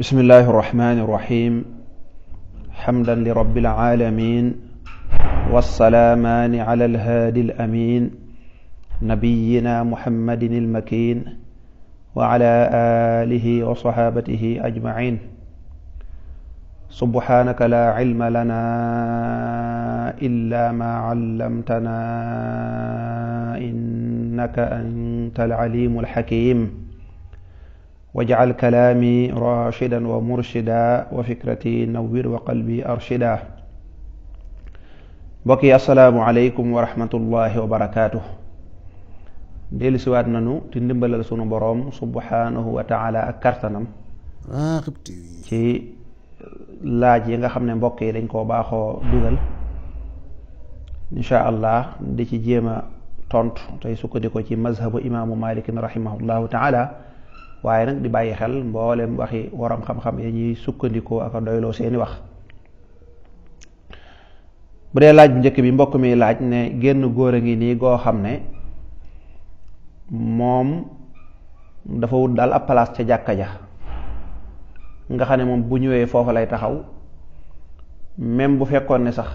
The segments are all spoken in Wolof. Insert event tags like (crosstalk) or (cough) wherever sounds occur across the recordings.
بسم الله الرحمن الرحيم حمدا لرب العالمين والسلامان على الهادي الأمين نبينا محمد المكين وعلى آله وصحابته أجمعين سبحانك لا علم لنا إلا ما علمتنا إنك أنت العليم الحكيم wajcal kalaami rachidan wa murshida wa fikrati nawwir wa qalbi arshida mbokk yi assalaamu aleykum wa rahmatullahi wa barakaatu dellusiwaat nanu ti ndimbalal sunu boroom subhaanahu wa taala ak kartanam ci laaj yi nga xam ne mbokk yi dañ koo baaxoo dugal insha allah di ci jéem a tontu tey sukkandiku ci mazhabu imaamu malikin rahimahullahu taala waaye nag di bàyyi xel mboolem waxi waroom xam-xam ya ñuy sukkandikoo ak a doyloo seeni wax bu dee laaj bu njëkk bi mbokk mi laaj ne génn góor a ngi nii goo xam ne moom dafa wut daal ab place ca jàkka ja nga xam ne moom bu ñëwee foofa lay taxaw même bu fekkoon ne sax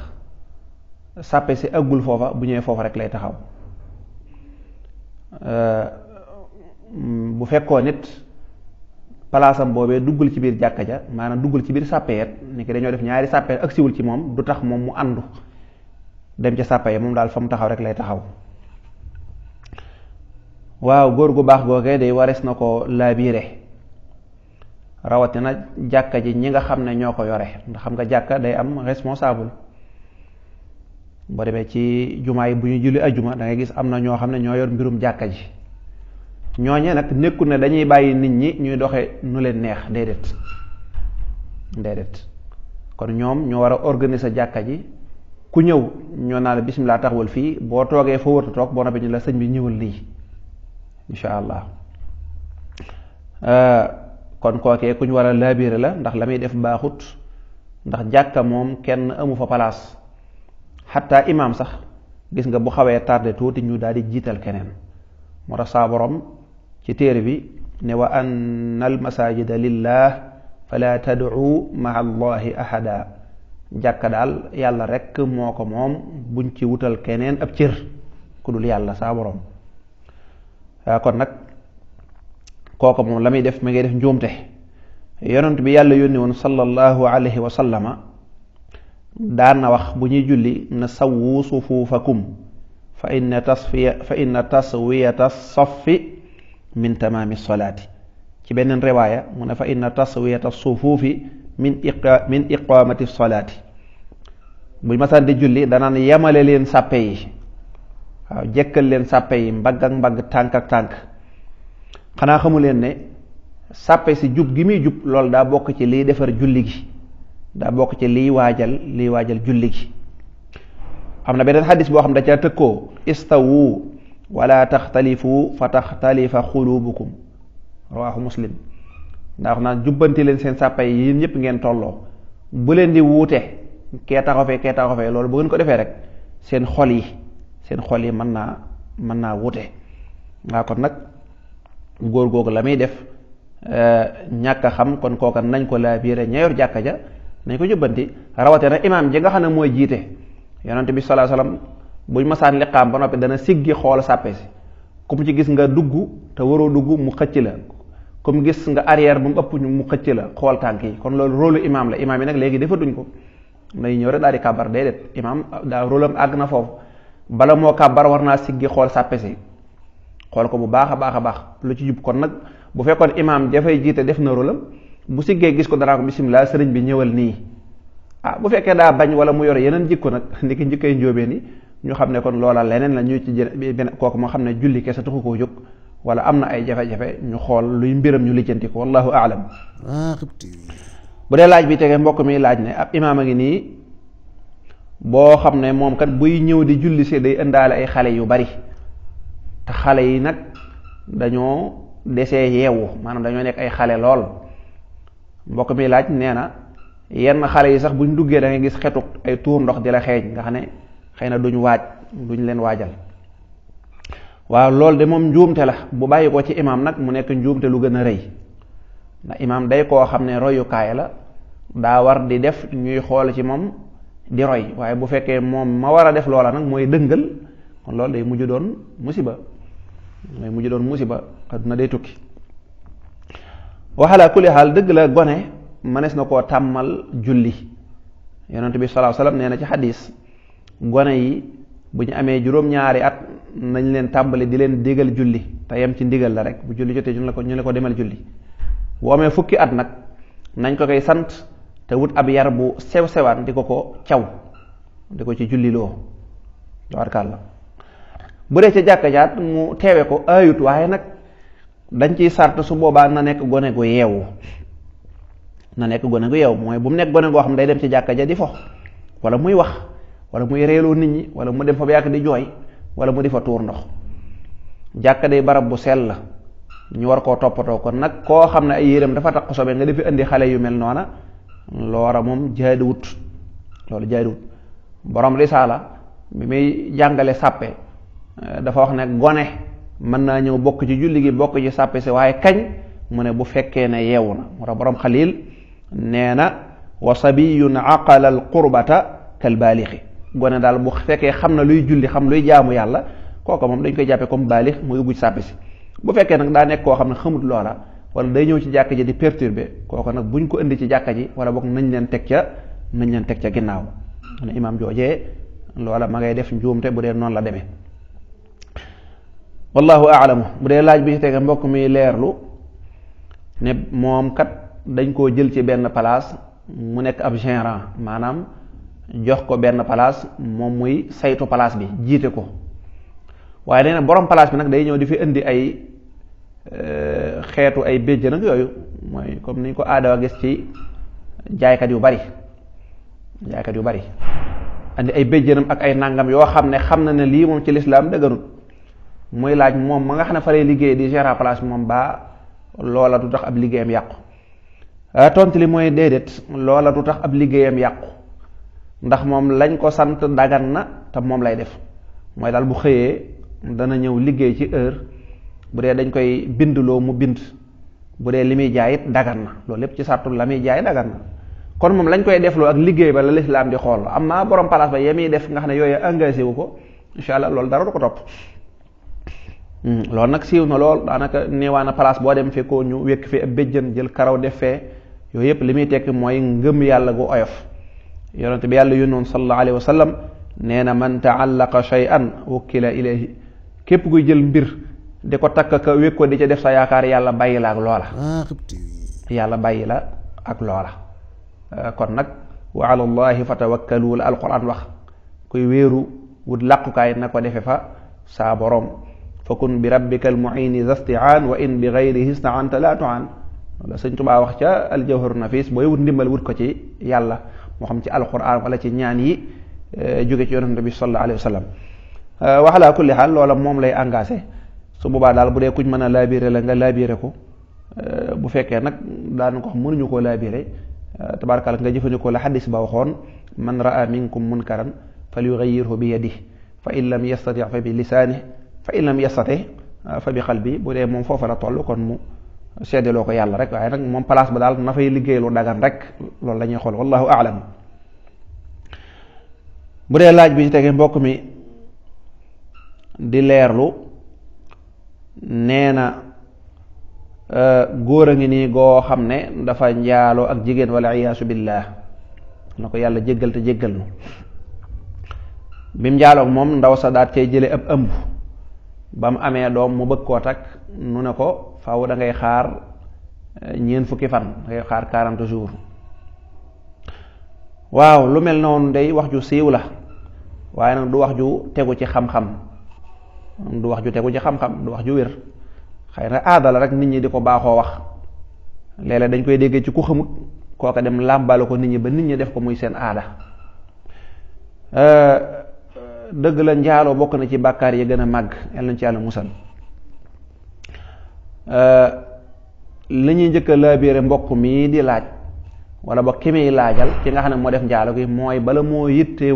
sàppe si àggul foofa bu ñëwee foofa rek lay taxaw euh, bu fekkoo nit palaasam boobee duggul ci biir jàkka ja maanaam duggul ci biir sàppeet ni ki dañoo def ñaari sàppeet ak siwul ci moom du tax moom mu àndu dem ca sàppa ya moom daal fa mu taxaw rek lay taxaw waaw góor gu baax googee day warees na ko laabiire rawatina jàkka ji ñi nga xam ne ñoo ko yore ndax xam nga jàkka day am responsable boo demee ci jumaa yi bu ñuy julli ajuma da ngay gis am na ñoo xam ne ñoo yor mbirum jàkka ji ñooñe nag nekkul ne dañuy bàyyi nit ñi ñuy doxe nu leen neex déedéet déedéet kon ñoom ñoo war a organiser jàkka ji ku ñëw ñoo naa la bisimilah taxawal fii boo toogee foo warta toog boo noppee ñu la sëñ bi ñëwal lii insha allah euh, kon kookee ku ñu war a laabiire la ndax la muy def baaxut ndax jàkka moom kenn amu fa place xataa imaam sax gis nga bu xawee tardé tuuti ñu daal di jiital keneen moo tax saa borom ci téere bi ne wa anna al masajida lillah fala tad'u ma'a allahi ahada jàkka daal yàlla rekk moo ko moom buñ ci wutal keneen ab cër ku dul yàlla saa waa kon nag kooku moom la muy def mi ngay def njuumte yonent bi yàlla yónni woon sallallahu alayhi wa sallama daan na wax bu ñuy julli na sawwu sufuufakum fa inna tasfiya fa inna taswiyata safi min tamaami solaati ci beneen riwaaya mu ne fa inna taswiyata sufuufi min iqa min iqaamati solaati bu masaan di julli danaan yemale leen sàppe yi waaw jëkkal leen sàppe yi mbagg ak mbagg tànk ak tànk xanaa xamu leen ne sàppe si jub gi muy jub lool daa bokk ci liy defar julli gi daa bokk ci liy waajal liy waajal julli gi am na beneen xadis boo xam da tëkkoo istawu wala taxtalifu fa taxtalifa xulubukum rawaahu muslim ndax naan jubbanti leen seen sàppa yi yéen ñëpp ngeen tolloo bu leen di wuute kee taxaw kee taxaw loolu bu ngeen ko defee rek seen xol yi seen xol yi mën naa mën naa wuute ngaa kon nag góor googu la muy def euh, ñàkk a xam kon kooka nañ ko laa biire ñeeyor jàkka ja nañ ko jubbanti rawate na imaam ji nga xam ne mooy jiite yonente bi salaa salaam buñ masaan liqaam ba noppi dana siggi xool sàppe si ku mu ci gis nga dugg te waroo dugg mu xëcc la ku mu gis nga arrière bu mu ëpp ñu mu xëcc la xool tànk yi kon loolu rôlu imaam la imaam yi nag léegi defatuñ ko nay ñëw rek daal di kàbbar déedéet imaam daa rôlam na foofu bala moo kàbbar war naa siggi xool sàppe xool ko bu baax a baax a baax lu ci jub kon nag bu fekkoon imaam dafay jiite def na rôlam bu siggee gis ko danaa bisimilah sëriñ bi ñëwal nii ah bu fekkee daa bañ wala mu yore yeneen jikko nag (laughs) ni ki njëkkee njóobeen yi ñu xam ne kon loola leneen la ñu ci jën kooku moo xam ne julli kese taxu koo jóg wala am na ay jafe-jafe ñu xool luy mbiram ñu lijjanti ko wallahu aalam bu dee laaj bi tege mbokk mi laaj ne ab imaam a ngi nii boo xam ne moom kat buy ñëw di julli day indaale ay xale yu bari xale yi nag dañoo desee yeewu maanaam dañoo nekk ay xale lool mbokk mi laaj nee na yenn xale yi sax bu ñu duggee da ngay gis xetuk ay tuur ndox di la xeeñ nga xam ne xëy na duñ waaj duñ leen waajal waaw loolu de moom njuumte la bu bàyyi ko ci imaam nag mu nekk njuumte lu gën a rëy ndax imaam day koo xam ne royukaay la daa war di def ñuy xool ci moom di roy waaye bu fekkee moom ma war a def loola nag mooy dëngal kon loolu day mujj doon musiba mooy mujj doon musiba adduna day tukki waxalaa kulli xaal dëgg la gone mënees na koo tàmmal julli yonent bi sallallahu alayhi nee na ci xadis ngone yi bu ñu amee juróom-ñaari at nañ leen tàmbali di leen digal julli te yem ci ndigal la rek bu julli jotee ñu la ko ñu la ko demal julli bu amee fukki at nag nañ ko koy sant te wut ab yar bu sew sewaan di ko ko caw di ko ci julli loo tabaarkàlla bu dee ca jàkka jaat mu teewe ko ayut waaye nag dañ ciy sart su boobaa na nekk gone gu yeewu na nekk gone gu yeewu mooy bu mu nekk gone goo xam day dem ci jàkka ja di fo wala muy wax wala muy reeloo nit ñi wala mu dem fa ba yàgg di jooy wala mu di fa tuur ndox jàkka day barab bu sell la ñu war koo toppatoo kon nag koo xam ne ay yéreem dafa takk sobe nga defi indi xale yu mel noona loola moom jaaduwut loolu jaaduwut borom risaala bi muy jàngale sàppe eh, dafa wax ne gone mën naa ñëw bokk ci julli gi bokk ci sàppe si waaye kañ mu ne bu fekkee ne yeewu na moo tax borom xalil nee na wa sabiyun aqala al qurbata kal gone daal bu fekkee xam na luy julli xam luy jaamu yàlla kooka moom dañ koy jàppee comme baalix muy dugg ci si bu fekkee nag daa nekk koo xam ne xamut loola wala day ñëw ci jàkka ji di perturber kooka nag bu buñ ko indi ci jàkka ji wala boog nañ leen teg ca nañ leen teg ca ginnaaw mu ne imaam joojee loola ma ngay def njuumte bu dee noonu la demee wallahu aalamu bu dee laaj bi ci mbokk mi leerlu ne moom kat dañ koo jël ci benn place mu nekk ab gérant maanaam jox ko benn palaas moom muy saytu palaas bi jiite ko waaye nee boroom borom palaas bi nag day ñëw di fi indi ay euh, xeetu ay béjjën ak yooyu mooy comme ni ñu ko aadawa gis ci jaaykat yu bari jaaykat yu bari andi ay béjjënam ak ay nangam yoo xam ne xam na ne lii moom ci lislaam dëgërut muy laaj moom ma nga xam ne fa liggéey di gérer place moom baa loola du tax ab liggéeyam yàqu euh, tontu li mooy déedéet loola du tax ab liggéeyam yàqu ndax moom lañ ko sant dagan na te moom lay def mooy daal bu xëyee dana ñëw liggéey ci heure bu dee dañ koy bindloo mu bind bu dee li muy jaay it dagan na loolu yépp ci sàrtul la muy jaay dagan na kon moom lañ koy defloo ak liggéey ba la lislaam di xool am naa borom palaas ba yemi def nga xam ne yooyu engagé wu ko incha allah loolu dara du ko topp hmm, loolu nag siiw na lool daanaka néewaana palaas boo dem fi ko ñu wékk fi ab béjjën jël karaw def yooyu yëpp li muy tekki mooy ngëm yàlla gu oyof yonente bi yàlla yónnoon sallallahu alayhi wa nee na man taallaqa shay'an wukkila ilayhi kuy jël mbir di ko takk ca def sa yaakaar yàlla bàyyi la ak loola ah, la ak loola euh, nag wa ala llahi fatawakkalu la alquran wax na ko defe fa saa bi rabbika almuini zastiaan wa in ca aljawharu nafis booy wut ndimbal wut ko ci yàlla moo xam ci alquran wala ci ñaan yi eh, jóge ci yonante bi sallallahu alayhi wa sallam eh, wax laa kulli xaal loola moom lay engagé su boobaa daal bu dee kuñ mën a laabiré la nga laabiré ko eh, bu fekkee nag daan ko xam mënuñu koo laabiré tabaarkalla nga jëfandikoo la xadis ba waxoon man raa minkum munkaran falyughayyirhu bi yadihi fa in lam yastati fa bi lisaanihi fa in lam yastati fa bi qalbi bu dee moom foofa la toll kon mu seedeloo ko yàlla rek waaye nag moom place ba daal na fay liggéey lu dagan rek loolu la ñuy xool wallahu aalam bu dee laaj bi tege mbokk mi di leerlu nee na e, góor a ngi nii goo xam ne dafa njaaloo ak jigéen wala iyaasu billah na ko yàlla jéggal te jéggal nu bi mu njaaloog moom ndaw sa daat cay jële ab ëmb ba mu amee doom mu bëgg koo takk nu ne ko faaw dangay xaar eh, ñeent fukki fan da xaar quarante jours waaw lu mel noonu day wax ju siiw la waaye nag du wax ju tegu ci xam-xam du wax ju tegu ci xam du wax ju wér xëy na aadala rek nit ñi di ko baaxoo wax léeg dañ koy déggee ci ku xamut kooka dem làmbale ko nit ñi ba nit ñi def ko muy seen aada eh, dëgg la njaaloo bokk na ci bàkkaar yi gën a màgg yal ci yàlla musal Euh, li ñuy njëkk a laabiire mbokk mii di laaj wala ba ki muy laajal ki nga xam ne moo def njaalo gi mooy bala moo yitte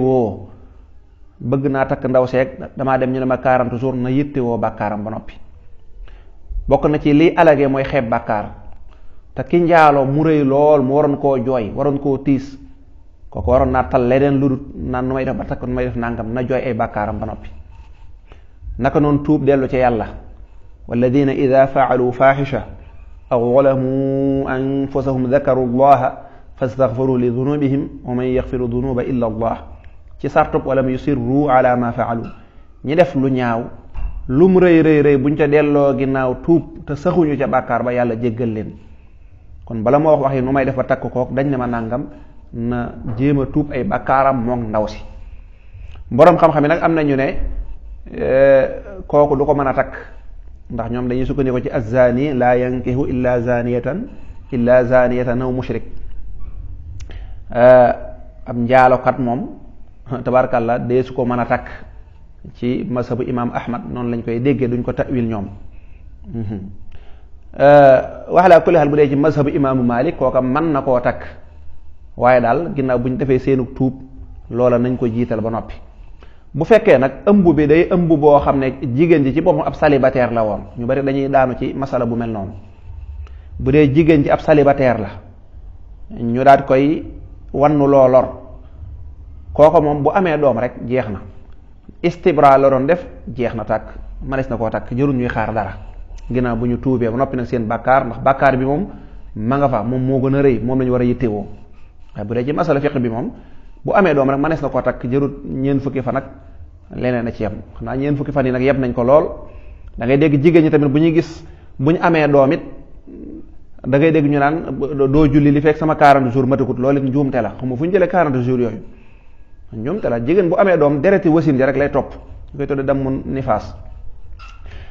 bëgg naa takk ndaw seeg damaa dem ñu ne ma 40 jours na yitte woo bàkkaaram ba noppi bokk na ci liy alagee mooy xeeb bàkkaar te ki njaalo mu rëy lool mu waroon koo jooy waroon koo tiis kooku waroon naa tal leneen lu dul naan nu may na jooy ay bàkkaaram ba noppi naka noonu tuub dellu ci yàlla والذين إذا فعلوا فاحشة أو ظلموا أنفسهم ذكروا الله فاستغفروا لذنوبهم ومن يغفر الذنوب إلا الله ci sartub walam yusirru ala ma faalu ñi def lu ñaaw lum rëy rëy rëy buñ ca delloo ginnaaw tuub te saxuñu ca bàkkaar ba yàlla jéggal leen kon bala moo wax wax nu may defa takk kook dañ ne ma nàngam na jéem a tuub ay bàkkaaram moom ndaw si boroom xam-xam yi nag am nañu ne eh, kooku du ko mën a takk ndax ñoom dañuy sukkandiku ci azzaani laa yankihu illa zaaniyatan illa zaaniyatan aw mushrik ab njaalokat moom tabarkàlla dee su ko mën a takk ci masabu imaam ahmad noonu lañ koy déggee duñ ko tawil ñoom mhm. wax laa kulli xal bu dee ci masabu imaamu malik kooka mën na koo takk waaye daal ginnaaw bu ñu defee seenu tuub loola nañ ko jiital ba noppi bu fekkee nag ëmb bi day ëmb boo xam ne jigéen ji ci boppam ab célibataire la woon ñu bari dañuy daanu ci masala bu mel noonu bu dee jigéen ji ab célibataire la ñu daat koy wannu loo lor kooko moom bu amee doom rek jeex na istibra la doon def jeex na tàkk mënees na koo takk jërul ñuy xaar dara ginnaaw bu ñu tuubee ba noppi nag seen bàkkaar ndax bàkkaar bi moom ma nga fa moom moo gën a rëy moom la war a yittewoo waaye bu dee ci masala fiq bi moom bu amee doom rek manees na koo takk jërut ñeent fukki fan ak leneen a ci yem xanaa ñeent fukki fan yi nag yem nañ ko lool da dégg jigéen ñi tamit bu ñuy gis bu ñu amee doom it da ngay dégg ñu naan doo julli li fekk sama 40 jours matikut loolu it njuumte la xam fu ñu jëlee 40 jours yooyu njuumte la jigéen bu amee doom dereti wasin ja rek lay topp ñu koy tudde dam mun nifaas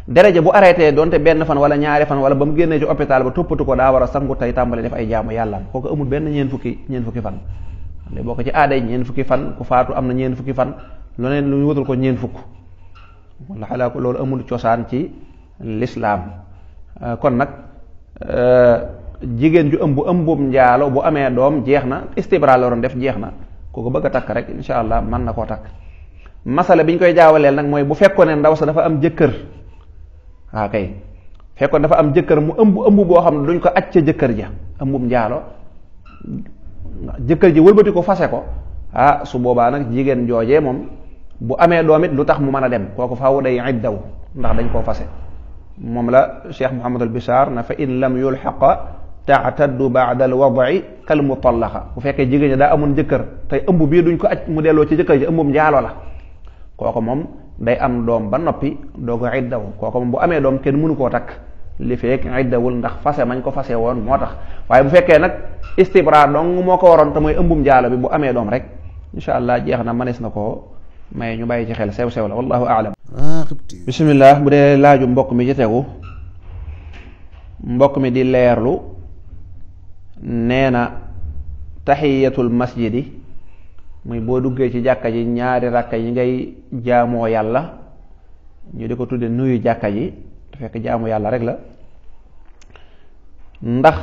dereje bu arrêté donte benn fan wala ñaari fan wala ba mu génnee ci hôpital ba toppatu ko daa war a sangu tey tàmbali def ay jaamu yàlla kooku amul benn ñeent fukki ñeent fukki fan day bokk ci aada yi ñeen fukki fan ku faatu am na ñeen fukki fan lu ne lu ñu wutal ko ñeen fukk wala xalaa ko loolu amul cosaan ci lislaam euh, kon nag euh, jigéen ju ëmb ëmbum njaalo bu amee doom jeex na istibra la def jeex na ku ko bëgg a takk rek insha allah mën na koo takk masala bi ñu koy jaawaleel nag mooy bu fekkoon ne ndaw sa dafa am jëkkër waaw ah, kay fekkoon dafa am jëkkër mu ëmb ëmb boo xam ne duñ ko aj jëkkër ja ëmbum njaalo jëkkër ji wëlbati ko fase ko ah su boobaa nag jigéen joojee moom bu amee doom it lu tax mu mën a dem kooku faaw day iddaw ndax dañ koo fase moom la cheikh Mouhamad al Bichar na fa in lam yulxaqa taataddu baada al wadai kal mutallaqa bu fekkee jigéen ñi daa amoon jëkkër tey ëmb bii duñ ko aj mu delloo ci jëkkër ji ëmbum njaalo la kooku moom day am doom ba noppi doo ko iddaw kooku moom bu amee doom kenn mënu koo takk li feek iddawul ndax fase mañ ko fase woon moo tax waaye bu fekkee nag istibra dong moo ko waroon te mooy ëmbum jaalo bi bu amee doom rek insha allah jeex na manees na ko may ñu bàyyi ci xel sew sew la wallahu aalam bismillah bu dee laaju mbokk mi ci tegu mbokk mi di leerlu nee na taxiyatul masjidi muy boo duggee ci jàkka ji ñaari ràkka yi ngay jaamoo yàlla ñu di ko tudde nuyu jàkka ji te fekk jaamu yàlla rek la ndax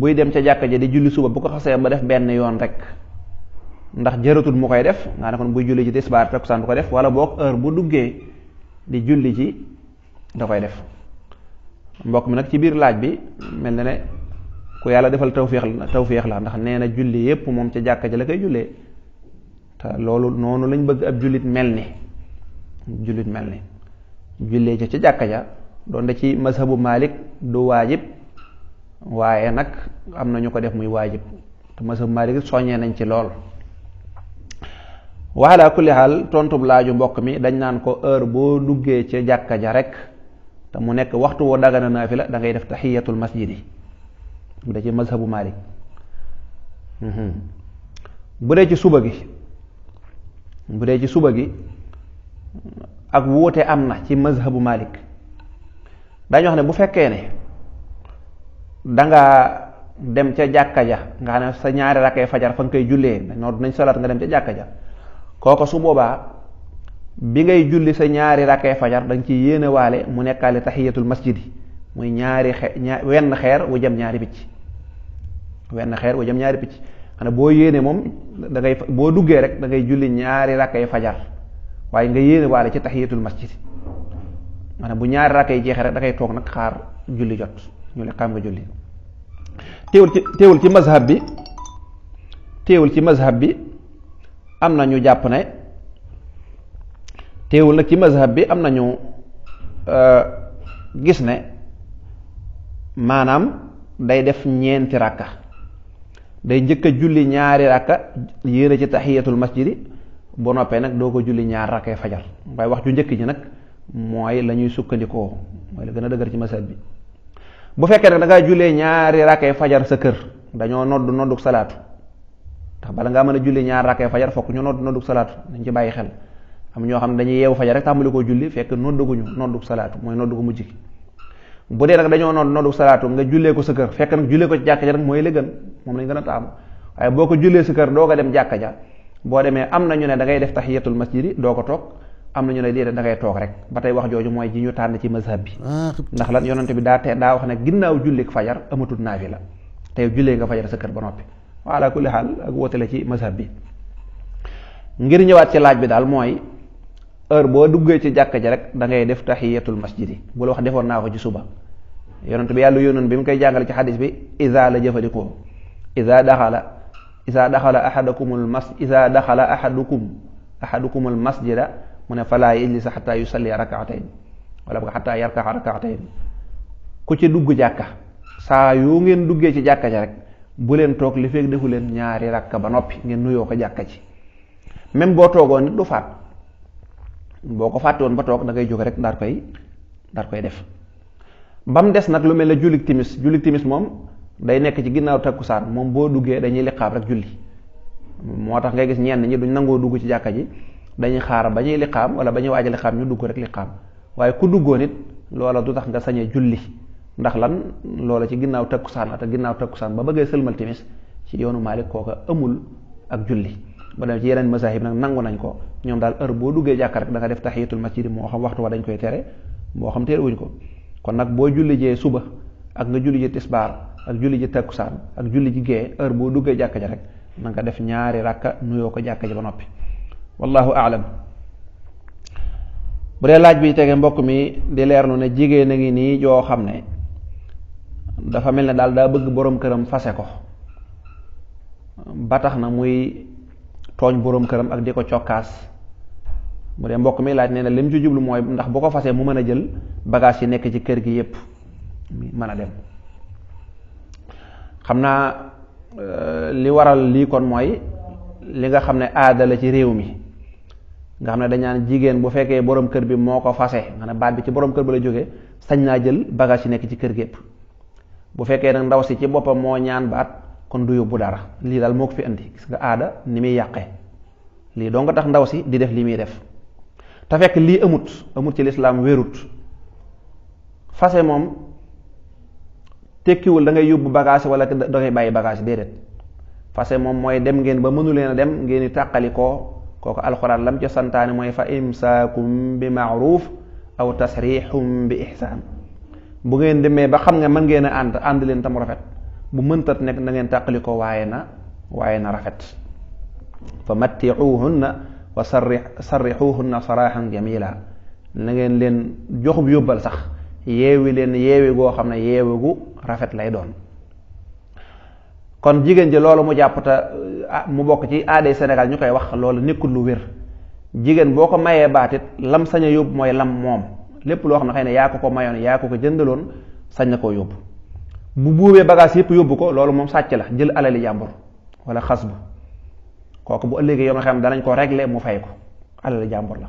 buy dem ca jàkka ja di julli suba bu ko xasee ba def benn yoon rek ndax jëratul mu koy def nga ne kon buy julli ci tisbaar takkusaan du ko def wala boog heure bu duggee di julli ci da koy def mbokk mi nag ci biir laaj bi mel na ne ku yàlla defal tawféex la tawféex la ndax nee na julli yépp moom ca jàkka ji la koy jullee te loolu noonu lañ bëgg ab jullit mel ni jullit mel ni jullee ca ca jàkka ja doon da ci mazhabu malik du waajib waaye nag am na ñu ko def muy waajib te mazhabu malik soññee nañ ci lool waxalaa kulli xaal tontub laaju mbokk mi dañ naan ko heure boo duggee ca jàkka ja rek te mu nekk waxtu woo dagana naafila da ngay def taxiyatul masjid yi bu dee ci mazhabu malik mhm. bu dee ci suba gi bu dee ci suba gi ak wuute am na ci mazhabu Malik dañu wax ne bu fekkee ne danga dem ca jàkka ja nga xam ne sa ñaari rakkee fajar fa nga koy jullee noonu nañ salaat nga dem ca jàkka ja kooko su boobaa bi ngay julli sa ñaari rakkee fajar da ci ciy mu nekkaale tahiyatul masjid yi muy ñaari xe wenn xeer wu jëm ñaari picc wenn xeer jëm ñaari picc xanaa boo yéene moom da boo duggee rek da ngay julli ñaari rakkee fajar waaye nga yéene waale ci tahiyatul masjid maanaam bu ñaari rakkay jeexee rek da ngay toog nag xaar julli jot ñu ne xam nga julli teewul ci teewul ci mazhab bi teewul ci mazhab bi am na ñu jàpp ne teewul nag ci mazhab bi am na ñu euh, gis ne maanaam day def ñeenti rakka day njëkk a julli ñaari rakka yéene ci tahiyatul masjid bu noppee nag doo ko julli ñaar rakkee fajar waaye wax ju njëkk ji nag mooy la ñuy sukkandikoo mooy la gën a dëgër ci masab bi bu fekkee nag da ngaa jullee ñaari rakkee fajar sa kër dañoo nodd nodduk salaatu ndax bala ngaa mën a julli ñaar rakkee fajar fokk ñu nodd nodduk salaatu dañ ci bàyyi xel am ñoo xam ne dañuy yeewu fajar rek tàmbali koo julli fekk nodduguñu nodduk salaatu mooy nodd gu mujj bu dee nag dañoo nodd nodduk salaatu nga jullee ko sa kër fekk nag jullee ko ci jàkka ja rek mooy li gën moom lañ gën a taamu waaye boo ko jullee sa kër doo ko dem jàkka ja boo demee am na ñu ne da ngay def tahiyatul yi doo ko toog am na ñu ne déedéet da ngay toog rek ba tey wax jooju mooy ji ñu tànn ci mazhab bi ah, ndax lan yonante bi daa te daa ne ginnaaw jullik fajar amatul naafi la tey jullee nga fajar sa kër ba noppi wala kulli xaal ak woote la ci mazhab bi ngir ñëwaat ci laaj bi daal mooy heure boo duggee ci jàkka ji rek dangay def tax def tahiyatul masjidi bu la wax defoon naa ko ci suba yonent bi yàlla yónnoon bi mu koy jàngale ci xadis bi isa la jëfandikoo isaa daxala axadakumul mas isaa daxala axadukum axadukumul masjida mu ne falaa yajlis xataa yusalli rakaatayn wala ba xataa yarkaxa rakaatayn ku ci dugg jàkka saa yoo ngeen duggee ci jàkka ja rek bu leen toog li fekk defu leen ñaari rakka ba noppi ngeen nuyoo ko jàkka ji même boo toogoon nit du faat boo ko fàtte ba toog dangay jóge jóg rek daal koy daal koy def ba mu des nag lu mel ne jullit timis jullit timis moom day nekk ci ginnaaw takkusaan moom boo duggee dañuy liqaam rek julli moo tax ngay gis ñenn ñi duñ nangoo dugg ci jàkka ji dañuy xaar ba ñuy liqaam wala ba ñuy waaj liqaam ñu dugg rek liqaam waaye ku duggoo it loola du tax nga sañe julli ndax lan loola ci ginnaaw takkusaan la te ginnaaw takkusaan ba bëggee sëlmal timis ci yoonu Maalik kooka amul ak julli ba dem ci yeneen masahib nag nangu nañ ko ñoom daal heure boo duggee jàkka rek da nga def tahiyatul masjid moo xam waxtu wa dañ koy tere moo xam teerewuñ ko kon nag boo julli jee suba ak nga julli jee ak julli ji takkusaan ak julli ji gee heure boo duggee jàkka ja rek na nga def ñaari rakka nuyoo ko jàkka ji ba noppi wallahu aalam bu dee laaj bi tege mbokk mi di leerlu ne jigéen a ngi nii joo xam ne dafa mel ne daal daa bëgg boroom këram fase ko ba tax na muy tooñ boroom këram ak di ko cokkaas bu dee mbokk mi laaj nee na lim ci jublu mooy ndax bu ko fasee mu mën a jël bagage yi nekk ci kër gi yépp mën a dem xam naa euh, li waral lii kon mooy li nga xam ne aada la ci réew mi nga xam ne dañaan jigéen bu fekkee borom kër bi moo ko fase nga ne baat bi ci borom kër bi la jógee sañ naa jël bagage yi nekk ci kër gépp bu fekkee nag ndaw si ci boppam moo ñaan baat kon du bu dara lii daal moo ko fi indi gis nga aada ni muy yàqe lii doo nga tax ndaw si di def li muy def te fekk lii amut amut ci lislaam wérut fase moom tekkiwul da ngay yóbbu bagage wala da ngay bàyyi bagage déedéet parce que moom mooy dem ngeen ba mënu leen dem ngeen di tàqali koo kooku alxuraan lam ca santaane mooy fa imsaakum bi maaruf aw tasrixum bi ihsaan bu ngeen demee ba xam nga mën ngeen ànd ànd leen tam rafet bu mëntat nekk na ngeen tàqali ko waaye na waaye na rafet fa matticuuhunna wa sarri sarrixuuhunna saraaxan jamila na ngeen leen joxub yóbbal sax yeewi leen yeewi goo xam ne yeewi gu rafet lay doon kon jigéen ji loolu mu jàpp te ah, mu bokk ci aaday Sénégal ñu koy wax loolu nekkul lu wér jigéen boo ko mayee baatit lam sañ a yóbbu mooy lam moom lépp loo xam ne xëy na yaa ko ko mayoon yaa ko ko jëndaloon sañ na koo yóbbu bu buubee bagage yëpp yóbbu ko loolu moom sàcc la jël alali jàmbur wala xas bu kooku bu ëllëgee yoo nga xam danañ ko regle mu fay ko alali jàmbur la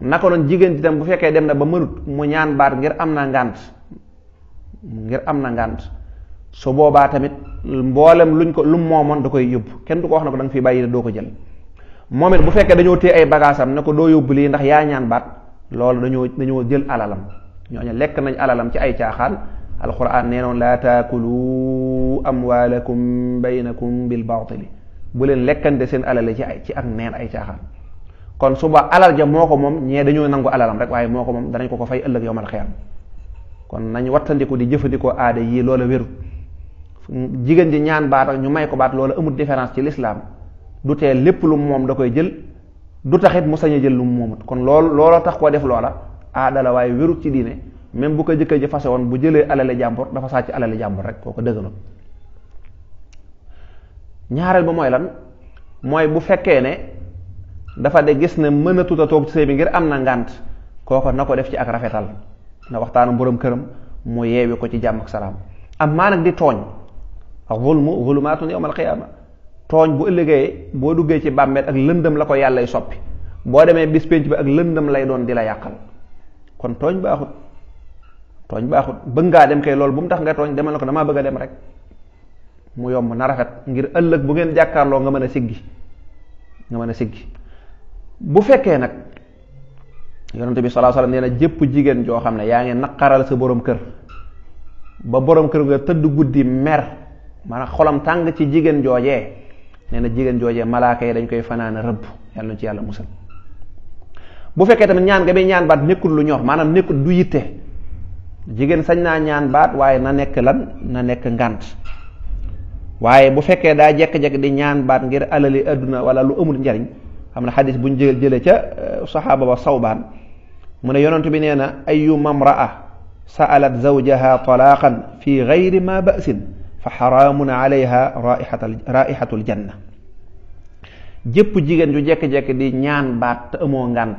naka noonu jigéen ji itam bu fekkee dem na ba mënut mu ñaan baat ngir am na ngànt ngir am na ngànt su boobaa tamit mboolem luñ ko lu moomoon da koy yóbbu kenn du ko wax na ko da nga fiy bàyyi doo ko jël moom bu fekkee dañoo téye ay bagaasam ne ko doo yóbbu lii ndax yaa ñaan baat loolu dañoo dañoo jël alalam ñoo ñu lekk nañ alalam ci ay caaxaan alquran nee noon laa taakulu amwaalakum baynakum bil baatili bu leen lekkante seen alale ci ay ak neen ay caaxaan kon suba alal ja moo ko moom ñee dañoo nangu alalam rek waaye moo ko moom danañ ko ko fay ëllëg yow mal kon nañu wattandiku di jëfandikoo aada yii loola wéru jigéen ji ñaan baat ak ñu may ko baat loola amul différence ci lislaam du tee lépp lu moom da koy jël du taxit mu sañ a jël lu mu moomut kon lool looloo tax koo def loola aada waaye wérut ci diine même bu ko jëkkër ji fase woon bu jëlee alale jàmbur dafa sàcc alale jàmbur rek koo ko dëggalul ñaareel ba bu fekkee ne dafa de gis ne mën a tuta toog ci sëy bi ngir am na ngànt kooko na ko def ci ak rafetal na waxtaanu boroom këram mu yeewi ko ci jàmm ak salaam am maa nag di tooñ ma zulumaatun yawmal qiyaama tooñ bu ëllëgee boo duggee ci bàmmeel ak lëndëm la ko yàllay soppi boo demee bis bi ak lëndëm lay doon di la yàqal kon tooñ baaxut tooñ baaxut bëgg ngaa dem kay loolu bu mu tax nga tooñ demal na ko damaa bëgg a dem rek mu yomb na rafet ngir ëllëg bu ngeen jàkkaarloo nga mën a siggi nga mën a siggi bu fekkee nag yonente bi sallallahu alayhi wasallam nee na jëpp jigéen joo xam ne yaa ngi naqaral sa boroom kër ba boroom kër nga tëdd guddi mer maanaam xolam tàng ci jigéen joojee nee na jigéen joojee malaaka yi dañ koy fanaan rëbb yàlla na ci yàlla musal bu fekkee tamit ñaan nga bi ñaan baat nekkul lu ñoo maanaam nekkul du yitte jigéen sañ naa ñaan baat waaye na nekk lan na nekk ngànt waaye bu fekkee daa jekk-jekk di ñaan baat ngir alali adduna wala lu amul njariñ am na xadis bu ñu ca eh, saxaaba ba sawbaan mu ne yonent bi nee na ayuma mraa saalat zawjaha talaaqan fi gayri ma fa xaraamun alayha jigéen ju jekk-jekk di ñaan baat amoo ngànt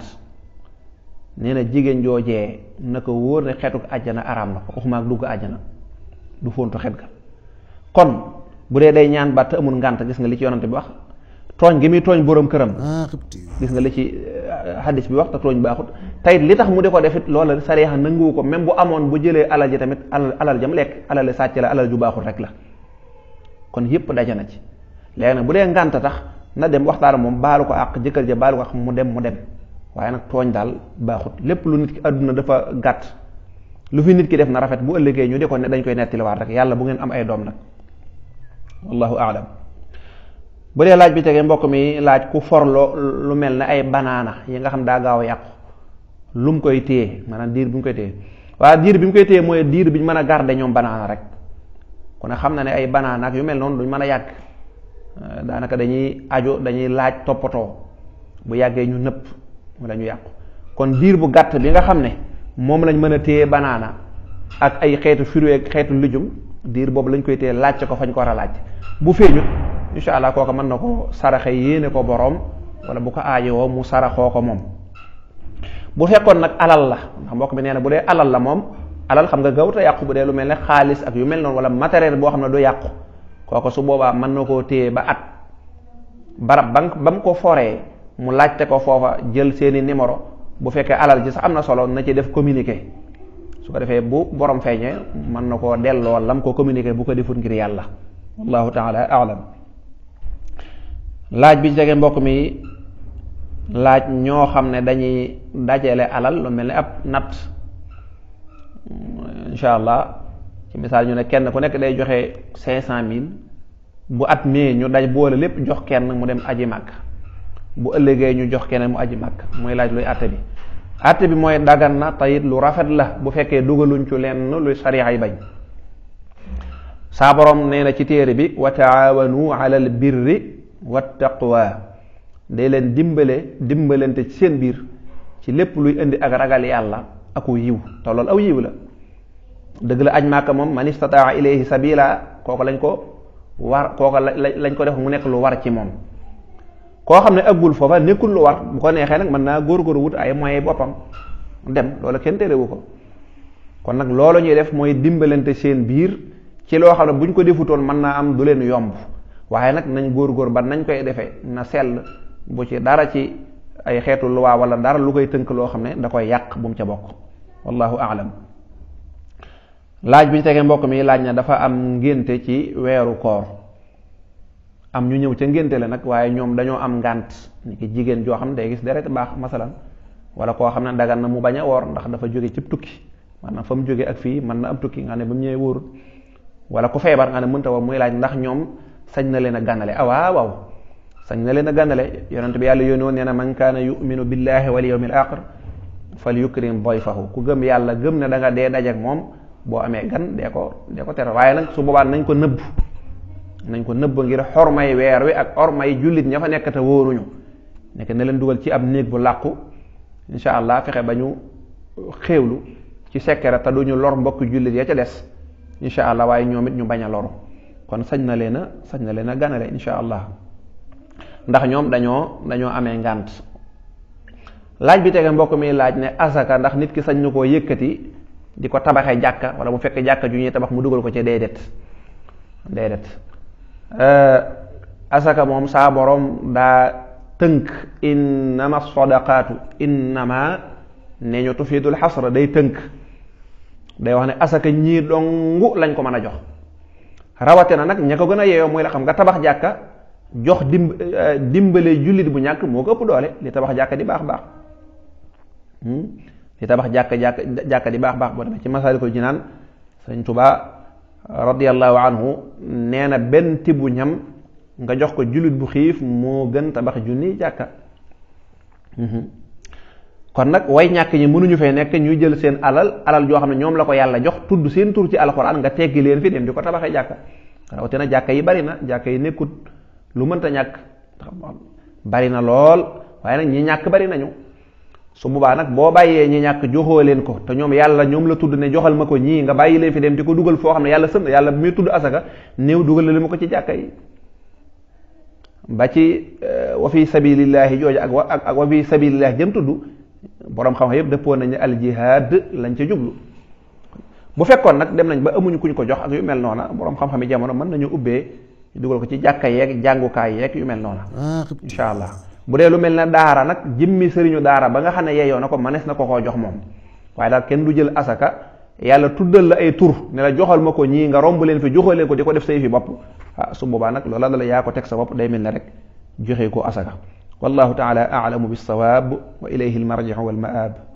nee na jigéen joojee na ko wóor ne xeetu àjjana araam na ko waxuma dugg àjjana du fóontu xet kon bu dee day ñaan baat te amul ngànt gis nga li ci yonante bi wax tooñ gi muy tooñ boroom këram ah, gis nga li ci xadis euh, bi wax te tooñ baaxut tayit li tax mu di ko defit loola sariya nanguwu ko même bu amoon bu jëlee alal ji tamit alal jam lekk alal sàcc la alal ju baaxut rek la kon yëpp daje na ci léegi nag bu dee ngànt tax na dem waxtaan moom baalu ko àq jëkkër ja baalu ko àq mu dem mu dem waaye nag tooñ daal baaxut lépp lu nit ki àdduna dafa gàtt lu fi nit ki def na rafet bu ëllëgee ñu di ko ne dañ koy nettaliwaat rek yàlla bu ngeen am ay doom nag bu dee laaj bi tegee mbokk mi laaj ku forlo lu mel ne ay banaana yi nga xam daa gaaw yàqu lu mu koy téye maanaam diir bi mu koy téye waaye diir bi mu koy téye mooy diir bi ñu mën a garder ñoom rek ku ne xam na ne ay banaana ak yu mel noonu duñ mën a yàgg euh, daanaka dañuy aju dañuy laaj toppatoo bu yàggee ñu nëpp wala ñu yàqu kon diir bu gàtt bi nga xam ne moom lañ mën a téye banaana ak ay xeetu fruits ak xeetu lijum diir boobu lañ koy téye laaj ko fañ ko war a laaj bu feeñut incha allah kooka mën na ko saraxe yéene ko boroom wala bu ko woo mu saraxoo ko moom bu fekkoon nag alal la mbokk mi nee na bu dee alal la moom alal xam nga gawut a yàqu bu dee lu mel ni xaalis ak yu mel noonu wala matériel boo xam ne du yàqu kooka su boobaa mën na koo téye ba at barab ba ba mu ko foree mu laajte ko foofa jël seeni numéro bu fekkee alal ji sax am na solo na ci def communiqué su ko defee bu borom feeñee mën na koo delloo lam ko communiqué bu ko defut ngir yàlla wallahu taala laaj bi ci tege mbokk mi laaj ñoo xam ne dañuy dajale alal lu mel ni ab natt incha allah ci misaal ñu ne kenn ku nekk day joxe cinq cent mille bu at mii ñu daj boole lépp jox kenn mu dem aji mag bu ëllëgee ñu jox keneen mu aji mag muy laaj luy àtte bi àtte bi mooy dagan na tayit lu rafet la bu fekkee dugaluñ ci lenn luy sariya yi bañ saa borom nee na ci téere bi wa alal birri wattaqwa day leen dimbale dimbalante ci seen biir ci lépp luy indi ak ragal yàlla aku yiw te aw yiw la dëgg la aj maaka moom man istataa ilayhi sabila kooku lañ ko war kooku lañ ko def mu nekk lu war ci moom koo xam ne aggul foofa nekkul lu war bu ko neexee nag mën naa góor wut ay moyens boppam dem loolu kenn terewu ko kon nag loolu ñuy def mooy dimbalante seen biir ci loo xam ne bu ñu ko defutoon mën naa am du leen yomb waaye nag nañ góor-góor ba nañ koy defee na sell bu ci dara ci ay xeetu luwaa wala dara lu koy tënk loo xam ne da koy yàq bu mu ca bokk wallahu aalam laaj bi ñu mbokk mi laaj na dafa am ngénte ci weeru koor am ñu ñëw ca ngénte la nag waaye ñoom dañoo am ngànt ni ki jigéen joo xam ne day gis deret baax masalan wala koo xam ne dagan na mu bañ a woor ndax dafa jóge cib tukki maanaam fa mu jóge ak fii mën na am tukki nga ne ba mu ñëwee wóorul wala ku feebar nga ne mënta woor muy laaj ndax ñoom sañ na leen a gànnale ah waaw waaw sañ na leen a gànnale yonent bi yàlla yónni woon nee na man kaana yuminu billahi wal yawmil axir fal yukrim dayfahu ku gëm yàlla gëm ne da dee dajeek moom boo amee gan dee ko dee ko tere waaye nag su boobaa nañ ko nëbb nañ ko nëbb ngir xormay weer wi ak xormay jullit ña fa nekk te wóoruñu nekk na leen dugal ci ab néeg bu làqu insha allah fexe ba ñu xéewlu ci sekkere te duñu lor mbokk jullit ya ca des insha allah waaye ñoom it ñu bañ a loru kon sañ na leen a sañ na leen a ganale insha allah ndax ñoom dañoo dañoo amee ngànt laaj bi tege mbokk mi laaj ne asaka ndax nit ki sañ na koo yëkkati di ko tabaxee jàkka wala mu fekk jàkka ju ñuy tabax mu dugal ko ci déedéet déedéet euh, asaka moom saa borom daa tënk innama sadaqaatu innama ne ñu tufidul xasra day tënk day wax ne asaka ñii dongu lañ ko mën a jox rawate na nag ña ko gën a yeeyoo mooy la xam nga tabax jàkka jox dimb euh, dimbale jullit bu ñàkk moo ko ëpp doole li tabax jàkka di baax baax hmm? li tabax jàkka jàkka jàkka di baax baax boo demee ci Masaalikul Jinaan Sëñ Tuubaa radiyallahu anhu nee na benn tibu ñam nga jox ko jullit bu xiif moo gën tabax junni jàkka kon nag way ñàkk ñi mënuñu fee nekk ñuy jël seen alal alal joo xam ne ñoom la ko yàlla jox tudd seen tur ci alxuraan nga teggi leen fi dem di ko tabaxee jàkka na jàkka yi bari na jàkka yi nekkut lu mënta ñàkk bari na lool waaye nag ñi ñàkk bari nañu su boobaa nag boo bàyyee ñi ñàkk joxoo leen ko te ñoom yàlla ñoom la tudd ne joxal ma ko ñii nga bàyyi leen fi dem di ko dugal foo xam ne yàlla sën yàlla bi muy tudd asaka néew dugal la ma ko ci jàkka yi ci eh, wa fi sabilillahi jooju ak ak wa fi sabilillahi jëm tudd borom xam-xam yëpp dëppoo nañu al jihaad lañ ca jublu bu fekkoon nag dem nañ ba amuñu kuñ ko jox ak yu mel noona borom xam-xam yi jamono mën nañu ubbee dugal ko ci jàkka yeeg jàngukaay yeeg yu mel noona ah, incha allah bu dee lu mel na daara nag jëmmi sëriñu daara ba nga xam ne yeeyoo na ko manees na ko koo jox moom waaye daal kenn du jël asaka yàlla tuddal la ay tur ne la joxal ma ko ñii nga romb leen fi joxal leen ko di ko def sa fi bopp ah su boobaa nag loola la yaa ko teg sa bopp day mel ne rek joxe ko asaka wallahu taala aalamu bilsawaab wa ilayhi almarjiu walmaab